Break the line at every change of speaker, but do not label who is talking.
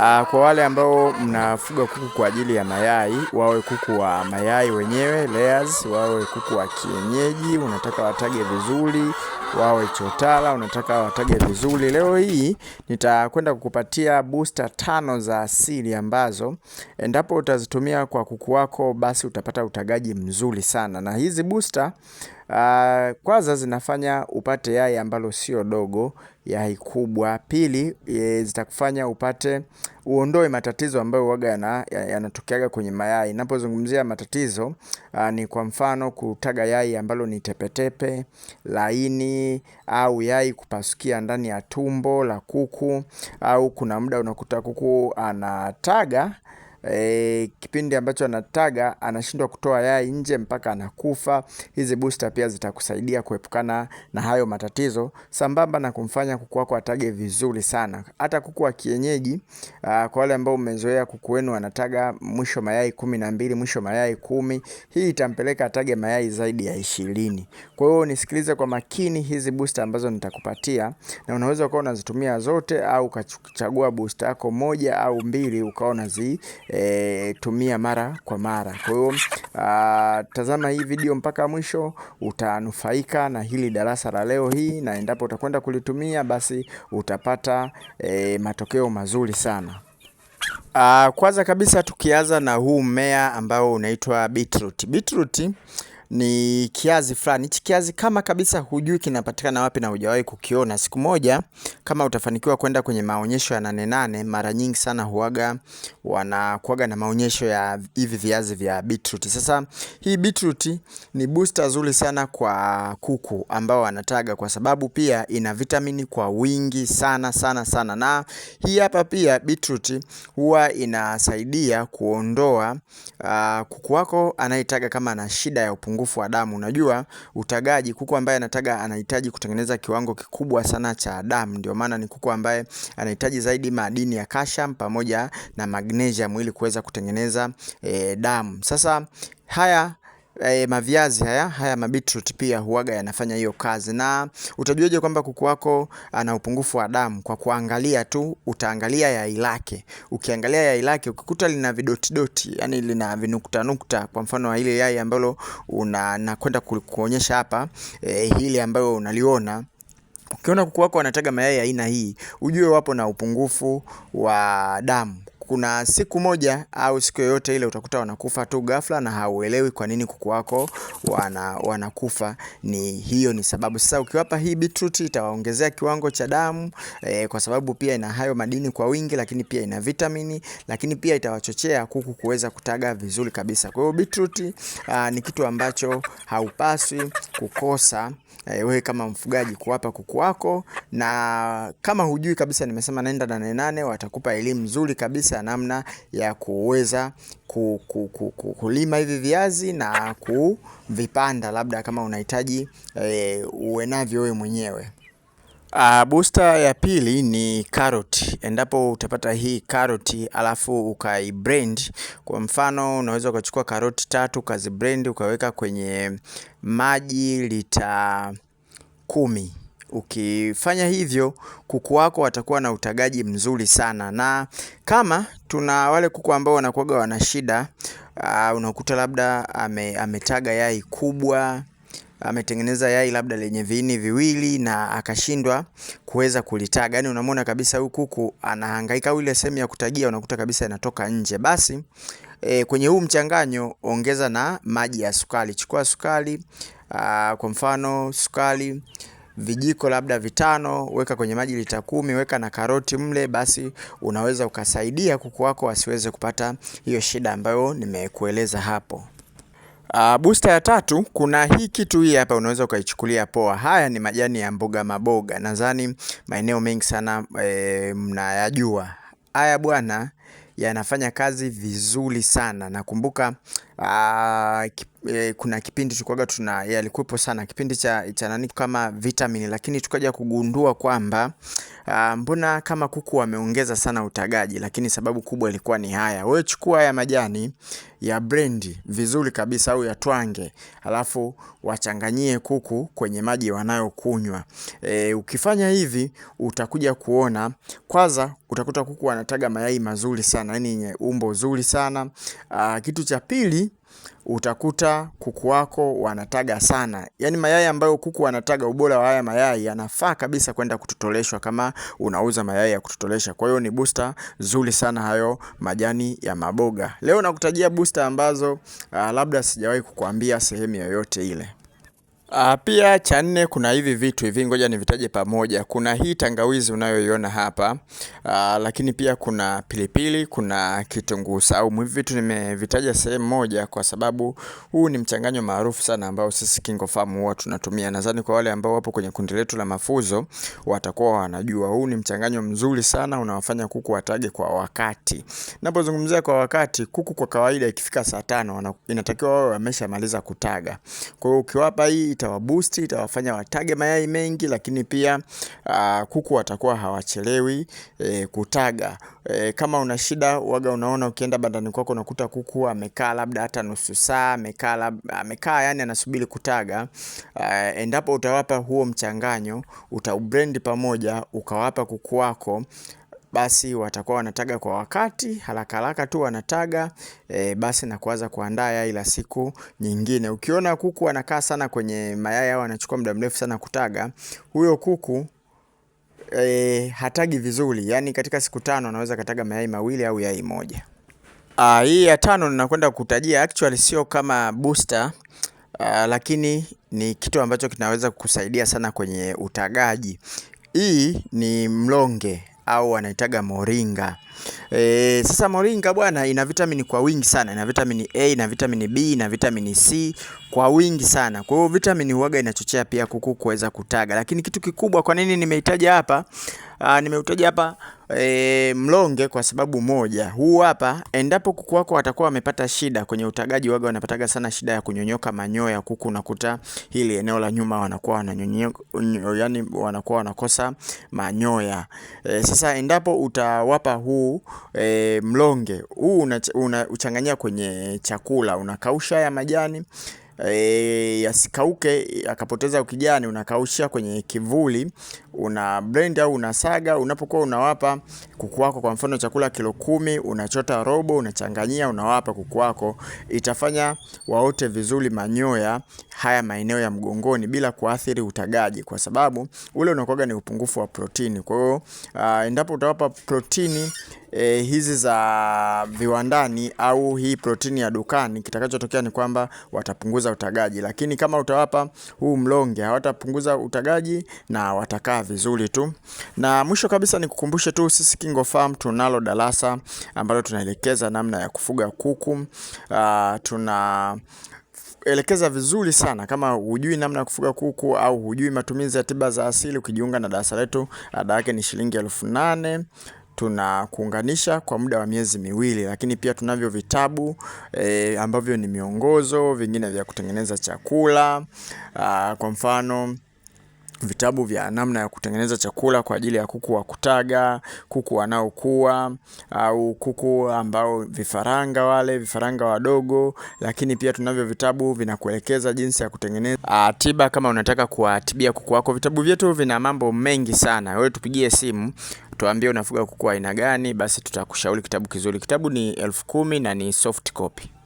Uh, kwa wale ambao mnafuga kuku kwa ajili ya mayai, wawe kuku wa mayai wenyewe layers, wawe kuku wa kienyeji, unataka watage vizuri, wawe chotala, unataka watage vizuri. Leo hii nitakwenda kukupatia booster tano za asili ambazo endapo utazitumia kwa kuku wako, basi utapata utagaji mzuri sana, na hizi booster Ah, kwanza zinafanya upate yai ambalo sio dogo, yai kubwa. Pili, e, zitakufanya upate uondoe matatizo ambayo waga yanatokeaga kwenye mayai. Napozungumzia matatizo ah, ni kwa mfano kutaga yai ambalo ni tepetepe laini, au yai kupasukia ndani ya tumbo, la kuku, au kuna muda unakuta kuku anataga e, kipindi ambacho anataga anashindwa kutoa yai nje mpaka anakufa. Hizi booster pia zitakusaidia kuepukana na hayo matatizo, sambamba na kumfanya kuku wako atage vizuri sana. Hata kuku wa kienyeji aa, ah, kwa wale ambao umezoea kuku wenu anataga mwisho mayai kumi na mbili, mwisho mayai kumi, hii itampeleka atage mayai zaidi ya ishirini. Kwa hiyo nisikilize kwa makini hizi booster ambazo nitakupatia, na unaweza ukawa unazitumia zote au ukachagua booster yako moja au mbili ukawa unazi e, tumia mara kwa mara. Kwa hiyo ah, tazama hii video mpaka mwisho, utanufaika na hili darasa la leo hii, na endapo utakwenda kulitumia basi utapata e, matokeo mazuri sana. Ah, kwanza kabisa tukianza na huu mmea ambao unaitwa beetroot. Beetroot ni kiazi fulani. Hichi kiazi kama kabisa hujui kinapatikana wapi na hujawahi kukiona, siku moja kama utafanikiwa kwenda kwenye maonyesho ya Nane Nane, mara nyingi sana huaga wanakuaga na maonyesho ya hivi viazi vya beetroot. Sasa hii beetroot ni booster nzuri sana kwa kuku ambao wanataga, kwa sababu pia ina vitamini kwa wingi sana sana sana, na hii hapa pia beetroot huwa inasaidia kuondoa uh, kuku wako anayetaga kama ana shida ya upungufu upungufu wa damu. Unajua utagaji, kuku ambaye anataga anahitaji kutengeneza kiwango kikubwa sana cha damu, ndio maana ni kuku ambaye anahitaji zaidi madini ya calcium pamoja na magnesium ili kuweza kutengeneza e, damu. Sasa haya e, maviazi haya haya mabitrut pia huaga yanafanya hiyo kazi. Na utajuaje kwamba kuku wako ana ah, upungufu wa damu? Kwa kuangalia tu, utaangalia yai lake. Ukiangalia yai lake ukikuta lina vidotidoti, yani lina vinukta nukta, kwa mfano ile yai ambalo nakwenda kuonyesha hapa e, hili ambayo unaliona Ukiona kuku wako wanataga mayai aina hii, ujue wapo na upungufu wa damu kuna siku moja au siku yoyote ile utakuta wanakufa tu ghafla na hauelewi kwa nini kuku wako wana, wanakufa. Ni hiyo ni sababu. Sasa ukiwapa hii beetroot itawaongezea kiwango cha damu e, kwa sababu pia ina hayo madini kwa wingi, lakini pia ina vitamini, lakini pia itawachochea kuku kuweza kutaga vizuri kabisa. Kwa hiyo beetroot ah, ni kitu ambacho haupaswi kukosa eh, wewe kama mfugaji kuwapa kuku wako, na kama hujui kabisa, nimesema naenda Nane Nane watakupa elimu nzuri kabisa namna ya kuweza kulima hivi viazi na kuvipanda labda kama unahitaji e, uwe navyo wewe mwenyewe. Uh, booster ya pili ni carrot. Endapo utapata hii carrot alafu ukaibrand, kwa mfano unaweza ukachukua karoti tatu ukazibrand ukaweka kwenye maji lita kumi Ukifanya hivyo, kuku wako watakuwa na utagaji mzuri sana, na kama tuna wale kuku ambao wanakuwaga wana shida uh, unakuta labda ame, ametaga yai kubwa ametengeneza yai labda lenye viini viwili na akashindwa kuweza kulitaga, yani unamwona kabisa huyu kuku anahangaika, ile sehemu ya kutagia unakuta kabisa inatoka nje. Basi e, kwenye huu mchanganyo ongeza na maji ya sukari. Chukua sukari aa, uh, kwa mfano sukari vijiko labda vitano, weka kwenye maji lita kumi, weka na karoti mle, basi unaweza ukasaidia kuku wako wasiweze kupata hiyo shida ambayo nimekueleza hapo. Uh, booster ya tatu kuna hii kitu hii hapa, unaweza ukaichukulia poa. Haya ni majani ya mboga maboga, nadhani maeneo mengi sana e, mnayajua haya bwana yanafanya kazi vizuri sana. Nakumbuka uh, eh, kuna kipindi tulikuwaga tuna yalikuwepo sana kipindi cha, cha nani kama vitamini, lakini tukaja kugundua kwamba Uh, mbona kama kuku wameongeza sana utagaji, lakini sababu kubwa ilikuwa ni haya. Wewe chukua haya majani ya brendi vizuri kabisa, au yatwange, alafu wachanganyie kuku kwenye maji wanayokunywa. E, ukifanya hivi utakuja kuona kwanza, utakuta kuku wanataga mayai mazuri sana, yani yenye umbo zuri sana. Uh, kitu cha pili utakuta kuku wako wanataga sana. Yaani mayai ambayo kuku wanataga, ubora wa haya mayai yanafaa kabisa kwenda kutotoleshwa kama unauza mayai ya kutotolesha. Kwa hiyo ni booster nzuri sana hayo majani ya maboga. Leo nakutajia booster ambazo uh, labda sijawahi kukuambia sehemu yoyote ile. Uh, pia cha nne kuna hivi vitu hivi, ngoja nivitaje pamoja. Kuna hii tangawizi unayoiona hapa uh, lakini pia kuna pilipili, kuna kitunguu saumu. Hivi vitu nimevitaja sehemu moja, kwa sababu huu ni mchanganyo maarufu sana ambao sisi KingoFarm huwa tunatumia. Nadhani kwa wale ambao wapo kwenye kundi letu la mafuzo watakuwa wanajua huu ni mchanganyo mzuri sana, unawafanya kuku watage kwa wakati. Napozungumzia kwa wakati, kuku kwa kawaida ikifika saa tano inatakiwa wao wameshamaliza kutaga. Kwa hiyo ukiwapa hii itawabusti, itawafanya watage mayai mengi, lakini pia aa, ah, kuku watakuwa hawachelewi e, kutaga. E, kama una shida waga, unaona ukienda bandani kwako unakuta kuku amekaa labda hata nusu saa amekaa, amekaa yani anasubiri kutaga. E, endapo utawapa huo mchanganyo, utaubrendi pamoja ukawapa kuku wako basi watakuwa wanataga kwa wakati haraka haraka tu wanataga e, basi na kuanza kuandaa yai la siku nyingine. Ukiona kuku anakaa sana kwenye mayai au anachukua muda mrefu sana kutaga, huyo kuku e, hatagi vizuri, yani katika siku tano anaweza kataga mayai mawili au yai moja. Ah, hii ya tano ninakwenda kutajia actually sio kama booster uh, lakini ni kitu ambacho kinaweza kukusaidia sana kwenye utagaji. Hii ni mlonge au wanaitaga moringa. E, sasa moringa bwana ina vitamini kwa wingi sana, ina vitamini A, na vitamini B, na vitamini C kwa wingi sana. Kwa hiyo vitamini huaga inachochea pia kuku kuweza kutaga. Lakini kitu kikubwa kwa nini nimeitaja hapa? Ah, Nimeutaja hapa e, mlonge kwa sababu moja. Huu hapa, endapo kuku wako watakuwa wamepata shida kwenye utagaji, waga wanapataga sana shida ya kunyonyoka manyoya. Kuku unakuta hili eneo la nyuma wanakuwa wananyonyoka, yani wanakuwa wanakosa manyoya. E, sasa endapo utawapa huu e, mlonge huu unachanganyia una, kwenye chakula unakausha ya majani e, yasikauke yakapoteza ukijani, unakausha kwenye kivuli, una blend au unasaga. Unapokuwa unawapa kuku wako, kwa mfano chakula kilo kumi, unachota robo, unachanganyia, unawapa kuku wako, itafanya waote vizuri manyoya haya maeneo ya mgongoni bila kuathiri utagaji, kwa sababu ule unakuwaga ni upungufu wa protini. Kwa hiyo uh, endapo utawapa protini e, hizi za viwandani au hii protini ya dukani, kitakachotokea ni kwamba watapunguza utagaji, lakini kama utawapa huu mlonge hawatapunguza utagaji na watakaa vizuri tu. Na mwisho kabisa nikukumbushe tu sisi Farm tunalo darasa ambalo tunaelekeza namna ya kufuga kuku. Uh, tuna elekeza vizuri sana. Kama hujui namna ya kufuga kuku au hujui matumizi ya tiba za asili, ukijiunga na darasa letu, ada yake ni shilingi elfu nane tunakuunganisha kwa muda wa miezi miwili, lakini pia tunavyo vitabu e, ambavyo ni miongozo, vingine vya kutengeneza chakula aa, kwa mfano vitabu vya namna ya kutengeneza chakula kwa ajili ya kuku wa kutaga, kuku wanaokua au kuku ambao vifaranga wale vifaranga wadogo. Lakini pia tunavyo vitabu vinakuelekeza jinsi ya kutengeneza a, ah, tiba kama unataka kuwatibia kuku wako. Vitabu vyetu vina mambo mengi sana. Wewe tupigie simu tuambie unafuga kuku aina gani, basi tutakushauri kitabu kizuri. Kitabu ni elfu kumi na ni soft copy.